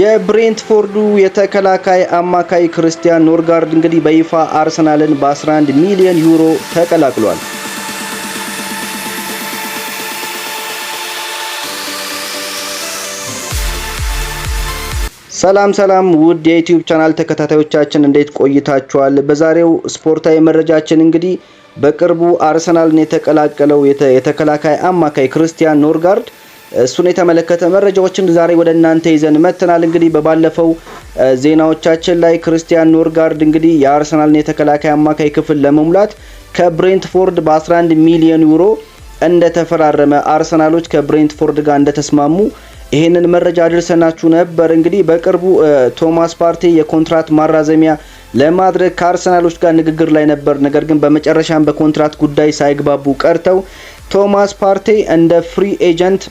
የብሬንትፎርዱ የተከላካይ አማካይ ክርስቲያን ኖርጋርድ እንግዲህ በይፋ አርሰናልን በ11 ሚሊዮን ዩሮ ተቀላቅሏል። ሰላም ሰላም ውድ የዩቲዩብ ቻናል ተከታታዮቻችን እንዴት ቆይታችኋል? በዛሬው ስፖርታዊ መረጃችን እንግዲህ በቅርቡ አርሰናልን የተቀላቀለው የተከላካይ አማካይ ክርስቲያን ኖርጋርድ እሱን የተመለከተ መረጃዎችን ዛሬ ወደ እናንተ ይዘን መጥተናል። እንግዲህ በባለፈው ዜናዎቻችን ላይ ክርስቲያን ኖርጋርድ እንግዲህ የአርሰናልን የተከላካይ አማካይ ክፍል ለመሙላት ከብሬንትፎርድ በ11 ሚሊዮን ዩሮ እንደተፈራረመ አርሰናሎች ከብሬንትፎርድ ጋር እንደተስማሙ ይህንን መረጃ አድርሰናችሁ ነበር። እንግዲህ በቅርቡ ቶማስ ፓርቴ የኮንትራት ማራዘሚያ ለማድረግ ከአርሰናሎች ጋር ንግግር ላይ ነበር። ነገር ግን በመጨረሻም በኮንትራት ጉዳይ ሳይግባቡ ቀርተው ቶማስ ፓርቴ እንደ ፍሪ ኤጀንት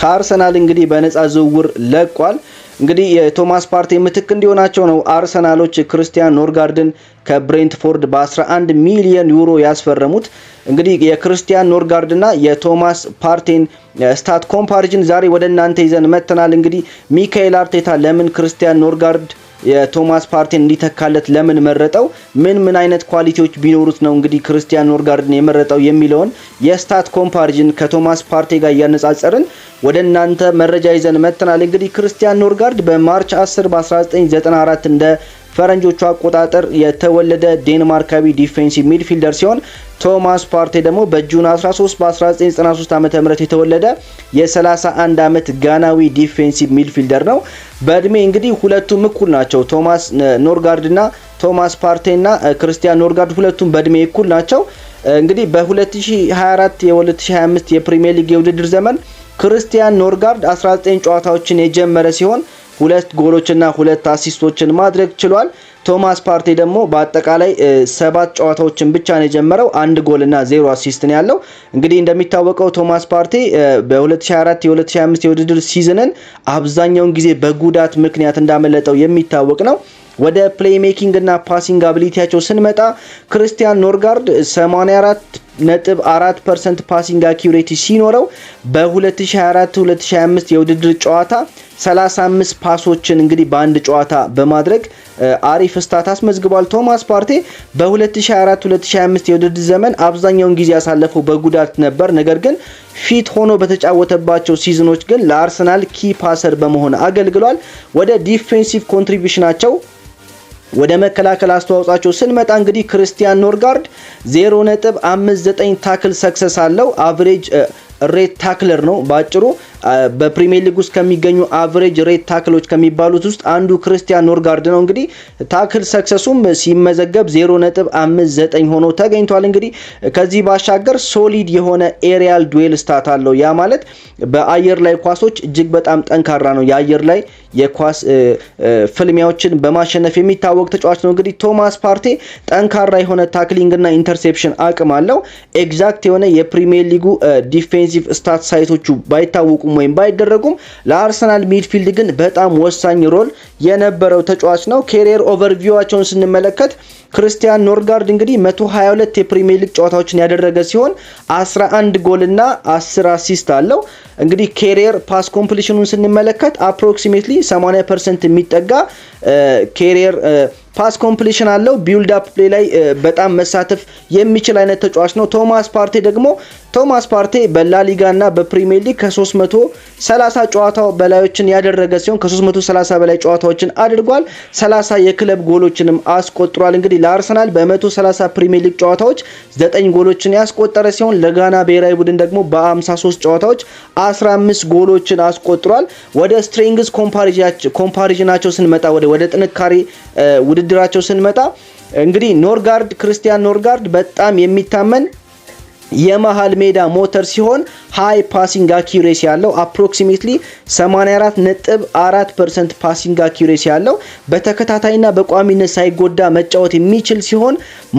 ከአርሰናል እንግዲህ በነፃ ዝውውር ለቋል። እንግዲህ የቶማስ ፓርቲ ምትክ እንዲሆናቸው ነው አርሰናሎች ክርስቲያን ኖርጋርድን ከብሬንትፎርድ በ11 ሚሊዮን ዩሮ ያስፈረሙት። እንግዲህ የክርስቲያን ኖርጋርድና የቶማስ ፓርቴን ስታት ኮምፓሪጅን ዛሬ ወደ እናንተ ይዘን መጥተናል። እንግዲህ ሚካኤል አርቴታ ለምን ክርስቲያን ኖርጋርድ የቶማስ ፓርቲን እንዲተካለት ለምን መረጠው? ምን ምን አይነት ኳሊቲዎች ቢኖሩት ነው እንግዲህ ክርስቲያን ኖርጋርድን የመረጠው የሚለውን የስታት ኮምፓሪዥን ከቶማስ ፓርቲ ጋር እያነጻጸርን ወደ እናንተ መረጃ ይዘን መጥተናል። እንግዲህ ክርስቲያን ኖርጋርድ በማርች 10 በ1994 እንደ ፈረንጆቹ አቆጣጠር የተወለደ ዴንማርካዊ ዲፌንሲቭ ሚድፊልደር ሲሆን ቶማስ ፓርቴ ደግሞ በጁን 13 በ1993 ዓ ም የተወለደ የ31 ዓመት ጋናዊ ዲፌንሲቭ ሚድፊልደር ነው። በእድሜ እንግዲህ ሁለቱም እኩል ናቸው። ቶማስ ኖርጋርድ ና ቶማስ ፓርቴ ና ክርስቲያን ኖርጋርድ ሁለቱም በእድሜ እኩል ናቸው። እንግዲህ በ2024 የ2025 የፕሪሚየር ሊግ የውድድር ዘመን ክርስቲያን ኖርጋርድ 19 ጨዋታዎችን የጀመረ ሲሆን ሁለት ጎሎችና ሁለት አሲስቶችን ማድረግ ችሏል። ቶማስ ፓርቴ ደግሞ በአጠቃላይ ሰባት ጨዋታዎችን ብቻ ነው የጀመረው። አንድ ጎልና ዜሮ አሲስት ነው ያለው። እንግዲህ እንደሚታወቀው ቶማስ ፓርቴ በ2024 የ2025 የውድድር ሲዝንን አብዛኛውን ጊዜ በጉዳት ምክንያት እንዳመለጠው የሚታወቅ ነው። ወደ ፕሌይ ሜኪንግ እና ፓሲንግ አብሊቲያቸው ስንመጣ ክርስቲያን ኖርጋርድ 84 ነጥብ 4 ፐርሰንት ፓሲንግ አኪሬቲ ሲኖረው በ2024-2025 የውድድር ጨዋታ 35 ፓሶችን እንግዲህ በአንድ ጨዋታ በማድረግ አሪፍ ስታት አስመዝግቧል። ቶማስ ፓርቴ በ2024-2025 የውድድር ዘመን አብዛኛውን ጊዜ ያሳለፈው በጉዳት ነበር። ነገር ግን ፊት ሆኖ በተጫወተባቸው ሲዝኖች ግን ለአርሰናል ኪ ፓሰር በመሆን አገልግሏል። ወደ ዲፌንሲቭ ኮንትሪቢሽናቸው ወደ መከላከል አስተዋጽኦቸው ስንመጣ እንግዲህ ክርስቲያን ኖርጋርድ 0.59 ታክል ሰክሰስ አለው። አቨሬጅ ሬት ታክለር ነው ባጭሩ በፕሪሚየር ሊግ ውስጥ ከሚገኙ አቨሬጅ ሬት ታክሎች ከሚባሉት ውስጥ አንዱ ክርስቲያን ኖርጋርድ ነው። እንግዲህ ታክል ሰክሰሱም ሲመዘገብ 0.59 ሆኖ ተገኝቷል። እንግዲህ ከዚህ ባሻገር ሶሊድ የሆነ ኤሪያል ዱዌል ስታት አለው። ያ ማለት በአየር ላይ ኳሶች እጅግ በጣም ጠንካራ ነው። የአየር ላይ የኳስ ፍልሚያዎችን በማሸነፍ የሚታወቅ ተጫዋች ነው። እንግዲህ ቶማስ ፓርቴ ጠንካራ የሆነ ታክሊንግና ኢንተርሴፕሽን አቅም አለው። ኤግዛክት የሆነ የፕሪሚየር ሊጉ ዲፌንሲቭ ስታት ሳይቶቹ ባይታወቁም ወይም ባይደረጉም ለአርሰናል ሚድፊልድ ግን በጣም ወሳኝ ሮል የነበረው ተጫዋች ነው። ኬሪየር ኦቨርቪዋቸውን ስንመለከት ክርስቲያን ኖርጋርድ እንግዲህ 122 የፕሪሚየር ሊግ ጨዋታዎችን ያደረገ ሲሆን 11 ጎልና 10 አሲስት አለው። እንግዲህ ኬሪየር ፓስ ኮምፕሊሽኑን ስንመለከት አፕሮክሲሜትሊ 80 ፐርሰንት የሚጠጋ ኬሪየር ፓስ ኮምፕሊሽን አለው። ቢውልድ አፕ ፕሌ ላይ በጣም መሳተፍ የሚችል አይነት ተጫዋች ነው። ቶማስ ፓርቴ ደግሞ ቶማስ ፓርቴ በላሊጋ እና በፕሪሚየር ሊግ ከ330 ጨዋታ በላዮችን ያደረገ ሲሆን ከ330 በላይ ጨዋታዎችን አድርጓል። 30 የክለብ ጎሎችንም አስቆጥሯል። እንግዲህ ለአርሰናል በ130 ፕሪሚየር ሊግ ጨዋታዎች 9 ጎሎችን ያስቆጠረ ሲሆን ለጋና ብሔራዊ ቡድን ደግሞ በ53 ጨዋታዎች 15 ጎሎችን አስቆጥሯል። ወደ ስትሪንግስ ኮምፓሪዥናቸው ስንመጣ ወደ ጥንካሬ ውድድር ውድድራቸው ስንመጣ እንግዲህ ኖርጋርድ ክርስቲያን ኖርጋርድ በጣም የሚታመን የመሃል ሜዳ ሞተር ሲሆን ሃይ ፓሲንግ አኪሬሲ ያለው አፕሮክሲሜትሊ 84.4% ፓሲንግ አኪሬሲ ያለው በተከታታይና በቋሚነት ሳይጎዳ መጫወት የሚችል ሲሆን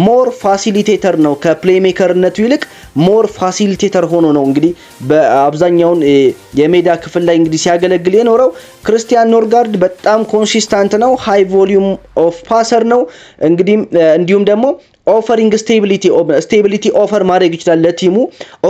ሞር ፋሲሊቴተር ነው። ከፕሌሜከርነቱ ይልቅ ሞር ፋሲሊቴተር ሆኖ ነው እንግዲህ በአብዛኛውን የሜዳ ክፍል ላይ እንግዲህ ሲያገለግል የኖረው። ክርስቲያን ኖርጋርድ በጣም ኮንሲስታንት ነው። ሃይ ቮሊዩም ኦፍ ፓሰር ነው እንግዲህ እንዲሁም ደግሞ ኦፈሪንግ ስቴቢሊቲ ስቴቢሊቲ ኦፈር ማድረግ ይችላል። ለቲሙ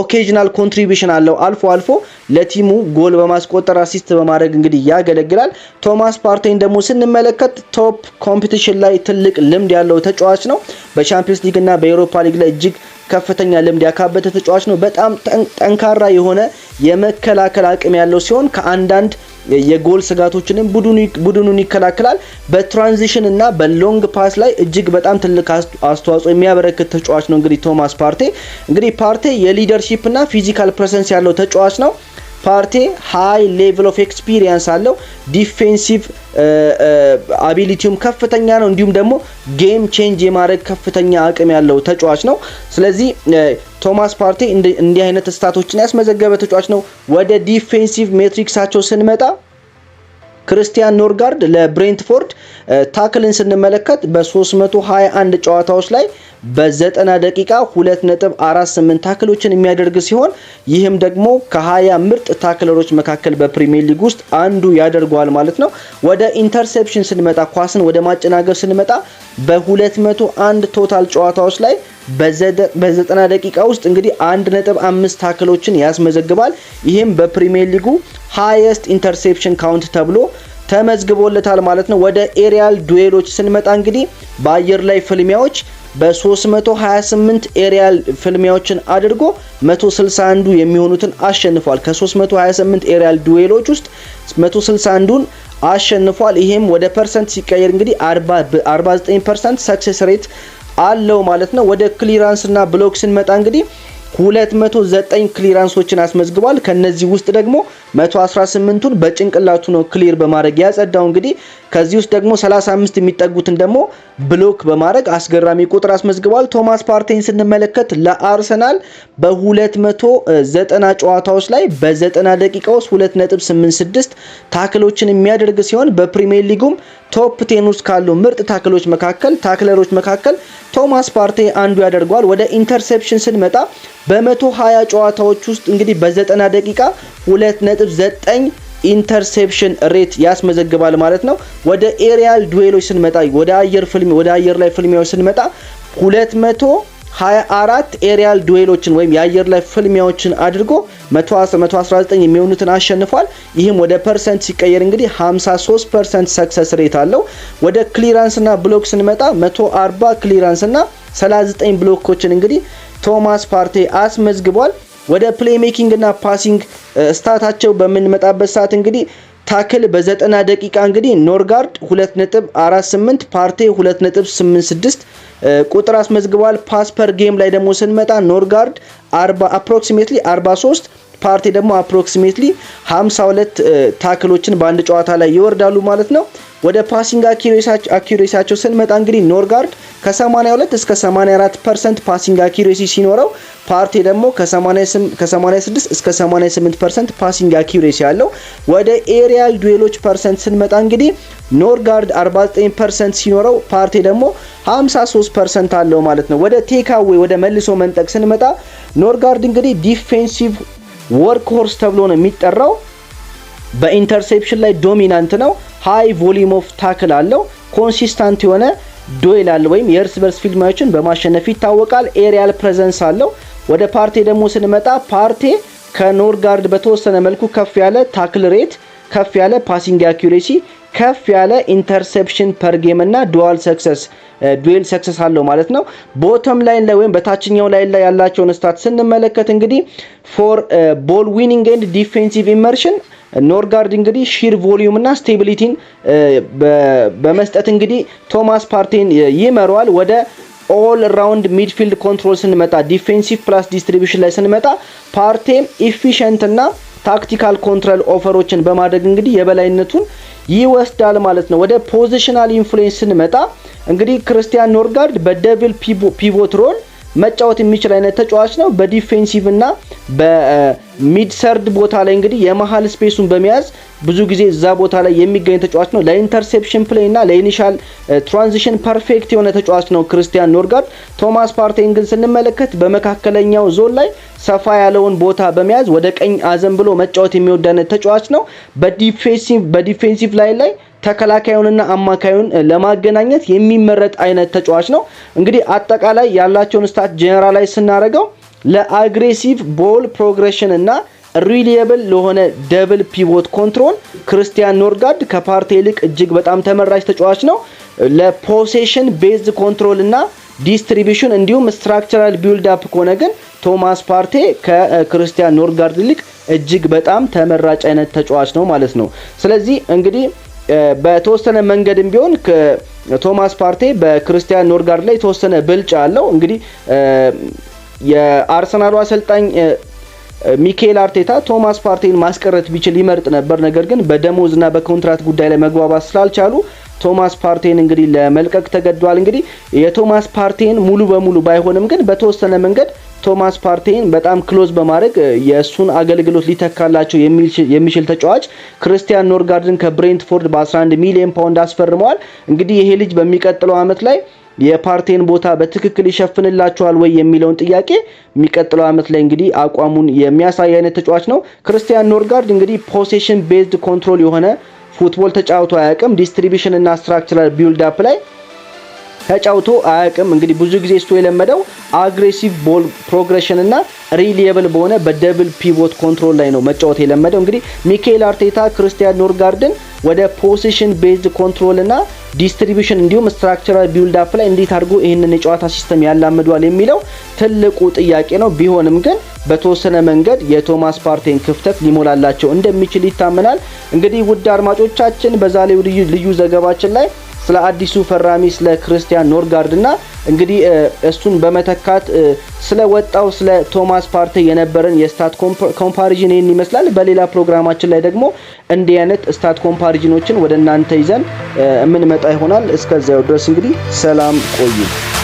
ኦኬዥናል ኮንትሪቢሽን አለው። አልፎ አልፎ ለቲሙ ጎል በማስቆጠር አሲስት በማድረግ እንግዲህ ያገለግላል። ቶማስ ፓርቴን ደግሞ ስንመለከት ቶፕ ኮምፒቲሽን ላይ ትልቅ ልምድ ያለው ተጫዋች ነው። በቻምፒዮንስ ሊግ እና በኤሮፓ ሊግ ላይ እጅግ ከፍተኛ ልምድ ያካበተ ተጫዋች ነው። በጣም ጠንካራ የሆነ የመከላከል አቅም ያለው ሲሆን ከአንዳንድ የጎል ስጋቶችንም ቡድኑን ይከላከላል። በትራንዚሽን እና በሎንግ ፓስ ላይ እጅግ በጣም ትልቅ አስተዋጽኦ የሚያበረክት ተጫዋች ነው። እንግዲህ ቶማስ ፓርቴ እንግዲህ ፓርቴ የሊደርሺፕ እና ፊዚካል ፕሬዘንስ ያለው ተጫዋች ነው። ፓርቴ ሃይ ሌቭል ኦፍ ኤክስፒሪየንስ አለው። ዲፌንሲቭ አቢሊቲውም ከፍተኛ ነው። እንዲሁም ደግሞ ጌም ቼንጅ የማድረግ ከፍተኛ አቅም ያለው ተጫዋች ነው። ስለዚህ ቶማስ ፓርቴ እንዲህ አይነት ስታቶችን ያስመዘገበ ተጫዋች ነው። ወደ ዲፌንሲቭ ሜትሪክሳቸው ስንመጣ ክርስቲያን ኖርጋርድ ለብሬንትፎርድ ታክልን ስንመለከት በ321 ጨዋታዎች ላይ በ90 ደቂቃ 2.48 ታክሎችን የሚያደርግ ሲሆን ይህም ደግሞ ከ20 ምርጥ ታክለሮች መካከል በፕሪሚየር ሊግ ውስጥ አንዱ ያደርገዋል ማለት ነው። ወደ ኢንተርሴፕሽን ስንመጣ፣ ኳስን ወደ ማጨናገብ ስንመጣ በ201 ቶታል ጨዋታዎች ላይ በ90 ደቂቃ ውስጥ እንግዲህ 1.5 ታክሎችን ያስመዘግባል። ይህም በፕሪሚየር ሊጉ ሃየስት ኢንተርሴፕሽን ካውንት ተብሎ ተመዝግቦለታል ማለት ነው። ወደ ኤሪያል ዱዌሎች ስንመጣ እንግዲህ በአየር ላይ ፍልሚያዎች በ328 ኤሪያል ፍልሚያዎችን አድርጎ 161ዱ የሚሆኑትን አሸንፏል። ከ328 ኤሪያል ዱዌሎች ውስጥ 161ዱን አሸንፏል። ይሄም ወደ ፐርሰንት ሲቀየር እንግዲህ 49 ፐርሰንት ሰክሴስ ሬት አለው ማለት ነው። ወደ ክሊራንስ እና ብሎክ ስንመጣ እንግዲህ 209 ክሊራንሶችን አስመዝግቧል። ከነዚህ ውስጥ ደግሞ 118ቱን በጭንቅላቱ ነው ክሊር በማድረግ ያጸዳው። እንግዲህ ከዚህ ውስጥ ደግሞ 35 የሚጠጉትን ደግሞ ብሎክ በማድረግ አስገራሚ ቁጥር አስመዝግቧል። ቶማስ ፓርቴን ስንመለከት ለአርሰናል በ290 ጨዋታዎች ላይ በ90 ደቂቃ ውስጥ 2.86 ታክሎችን የሚያደርግ ሲሆን በፕሪሚየር ሊጉም ቶፕ 10 ውስጥ ካሉ ምርጥ ታክሎች መካከል ታክለሮች መካከል ቶማስ ፓርቴ አንዱ ያደርገዋል። ወደ ኢንተርሴፕሽን ስንመጣ በ120 ጨዋታዎች ውስጥ እንግዲህ በ90 ደቂቃ 2.9 ኢንተርሴፕሽን ሬት ያስመዘግባል ማለት ነው። ወደ ኤሪያል ዱዌሎች ስንመጣ ወደ አየር ፍልሚ ወደ አየር ላይ ፍልሚያዎች ስንመጣ 224 ኤሪያል ዱዌሎችን ወይም የአየር ላይ ፍልሚያዎችን አድርጎ 119 የሚሆኑትን አሸንፏል። ይህም ወደ ፐርሰንት ሲቀየር እንግዲህ 53 ፐርሰንት ሰክሰስ ሬት አለው። ወደ ና ብሎክ ስንመጣ 140 ና 39 ብሎኮችን እንግዲህ ቶማስ ፓርቴ አስመዝግቧል። ወደ ፕሌይ ሜኪንግ እና ፓሲንግ ስታታቸው በምንመጣበት ሰዓት እንግዲህ ታክል በዘጠና ደቂቃ እንግዲህ ኖርጋርድ 2.48 ፓርቴ 2.86 ቁጥር አስመዝግበዋል። ፓስ ፐር ጌም ላይ ደግሞ ስንመጣ ኖርጋርድ አፕሮክሲሜትሊ 43 ፓርቲ ደግሞ አፕሮክሲሜትሊ 52 ታክሎችን በአንድ ጨዋታ ላይ ይወርዳሉ ማለት ነው። ወደ ፓሲንግ አኪሬሳቸው ስንመጣ እንግዲህ ኖርጋርድ ከ82 እስከ 84 ፐርሰንት ፓሲንግ አኪሬሲ ሲኖረው ፓርቲ ደግሞ ከ86 እስከ 88 ፐርሰንት ፓሲንግ አኪሬሲ አለው ወደ ኤሪያል ዱዌሎች ፐርሰንት ስንመጣ እንግዲህ ኖርጋርድ 49 ፐርሰንት ሲኖረው ፓርቲ ደግሞ 53 ፐርሰንት አለው ማለት ነው። ወደ ቴካዌ ወደ መልሶ መንጠቅ ስንመጣ ኖርጋርድ እንግዲህ ዲፌንሲቭ ወርክ ሆርስ ተብሎ ነው የሚጠራው። በኢንተርሴፕሽን ላይ ዶሚናንት ነው። ሃይ ቮሊም ኦፍ ታክል አለው። ኮንሲስታንት የሆነ ዶይል አለ ወይም የእርስ በርስ ፊልማዎችን በማሸነፍ ይታወቃል። ኤሪያል ፕሬዘንስ አለው። ወደ ፓርቴ ደግሞ ስንመጣ ፓርቴ ከኖርጋርድ በተወሰነ መልኩ ከፍ ያለ ታክል ሬት፣ ከፍ ያለ ፓሲንግ አኪሬሲ ከፍ ያለ ኢንተርሴፕሽን ፐር ጌም እና ዱዋል ሰክሰስ ዱዌል ሰክሰስ አለው ማለት ነው። ቦተም ላይን ላይ ወይም በታችኛው ላይን ላይ ያላቸውን ስታት ስንመለከት እንግዲህ ፎር ቦል ዊኒንግ ኤንድ ዲፌንሲቭ ኢመርሽን ኖርጋርድ እንግዲህ ሺር ቮሊዩም እና ስቴቢሊቲን በመስጠት እንግዲህ ቶማስ ፓርቲን ይመረዋል ወደ ኦል ራውንድ ሚድፊልድ ኮንትሮል ስንመጣ ዲፌንሲቭ ፕላስ ዲስትሪቢሽን ላይ ስንመጣ ፓርቴም ኢፊሽንት እና ታክቲካል ኮንትሮል ኦፈሮችን በማድረግ እንግዲህ የበላይነቱን ይወስዳል ማለት ነው። ወደ ፖዚሽናል ኢንፍሉዌንስ ስንመጣ እንግዲህ ክርስቲያን ኖርጋርድ በደብል ፒቮት ሮል መጫወት የሚችል አይነት ተጫዋች ነው። በዲፌንሲቭ እና በሚድ ሰርድ ቦታ ላይ እንግዲህ የመሀል ስፔሱን በመያዝ ብዙ ጊዜ እዛ ቦታ ላይ የሚገኝ ተጫዋች ነው። ለኢንተርሴፕሽን ፕሌይ እና ለኢኒሻል ትራንዚሽን ፐርፌክት የሆነ ተጫዋች ነው ክርስቲያን ኖርጋርድ። ቶማስ ፓርቴን ግን ስንመለከት በመካከለኛው ዞን ላይ ሰፋ ያለውን ቦታ በመያዝ ወደ ቀኝ አዘን ብሎ መጫወት የሚወድ አይነት ተጫዋች ነው። በዲፌንሲቭ ላይ ላይ ተከላካዩንና አማካዩን ለማገናኘት የሚመረጥ አይነት ተጫዋች ነው። እንግዲህ አጠቃላይ ያላቸውን ስታት ጀነራላይዝ ስናደርገው ለአግሬሲቭ ቦል ፕሮግሬሽን እና ሪሊየብል ለሆነ ደብል ፒቮት ኮንትሮል ክርስቲያን ኖርጋርድ ከፓርቴ ይልቅ እጅግ በጣም ተመራጭ ተጫዋች ነው። ለፖሴሽን ቤዝድ ኮንትሮል እና ዲስትሪቢሽን እንዲሁም ስትራክቸራል ቢልድ አፕ ከሆነ ግን ቶማስ ፓርቴ ከክርስቲያን ኖርጋርድ ይልቅ እጅግ በጣም ተመራጭ አይነት ተጫዋች ነው ማለት ነው። ስለዚህ እንግዲህ በተወሰነ መንገድም ቢሆን ቶማስ ፓርቴ በክርስቲያን ኖርጋርድ ላይ የተወሰነ ብልጫ አለው። እንግዲህ የአርሰናሉ አሰልጣኝ ሚካኤል አርቴታ ቶማስ ፓርቴን ማስቀረት ቢችል ይመርጥ ነበር። ነገር ግን በደሞዝ እና በኮንትራት ጉዳይ ላይ መግባባት ስላልቻሉ ቶማስ ፓርቴን እንግዲህ ለመልቀቅ ተገዷል። እንግዲህ የቶማስ ፓርቴን ሙሉ በሙሉ ባይሆንም ግን በተወሰነ መንገድ ቶማስ ፓርቴን በጣም ክሎዝ በማድረግ የእሱን አገልግሎት ሊተካላቸው የሚችል ተጫዋች ክርስቲያን ኖርጋርድን ከብሬንትፎርድ በ11 ሚሊዮን ፓውንድ አስፈርመዋል። እንግዲህ ይሄ ልጅ በሚቀጥለው ዓመት ላይ የፓርቴን ቦታ በትክክል ይሸፍንላቸዋል ወይ የሚለውን ጥያቄ የሚቀጥለው ዓመት ላይ እንግዲህ አቋሙን የሚያሳይ አይነት ተጫዋች ነው። ክርስቲያን ኖርጋርድ እንግዲህ ፖሴሽን ቤዝድ ኮንትሮል የሆነ ፉትቦል ተጫውቶ አያውቅም። ዲስትሪቢሽን እና ስትራክቸራል ቢልድ አፕ ላይ ተጫውቶ አያውቅም። እንግዲህ ብዙ ጊዜ እሱ የለመደው አግሬሲቭ ቦል ፕሮግሬሽን እና ሪሊየብል በሆነ በደብል ፒቮት ኮንትሮል ላይ ነው መጫወት የለመደው። እንግዲህ ሚካኤል አርቴታ ክርስቲያን ኖርጋርድን ወደ ፖሲሽን ቤዝድ ኮንትሮል እና ዲስትሪቢሽን እንዲሁም ስትራክቸራል ቢውልድ አፕ ላይ እንዴት አድርጎ ይህንን የጨዋታ ሲስተም ያላምዷል የሚለው ትልቁ ጥያቄ ነው። ቢሆንም ግን በተወሰነ መንገድ የቶማስ ፓርቴን ክፍተት ሊሞላላቸው እንደሚችል ይታመናል። እንግዲህ ውድ አድማጮቻችን በዛሬው ልዩ ዘገባችን ላይ ስለ አዲሱ ፈራሚ ስለ ክርስቲያን ኖርጋርድ እና እንግዲህ እሱን በመተካት ስለ ወጣው ስለ ቶማስ ፓርቴ የነበረን የስታት ኮምፓሪዥን ይህን ይመስላል። በሌላ ፕሮግራማችን ላይ ደግሞ እንዲህ አይነት ስታት ኮምፓሪዥኖችን ወደ እናንተ ይዘን የምንመጣ ይሆናል። እስከዚያው ድረስ እንግዲህ ሰላም ቆዩ።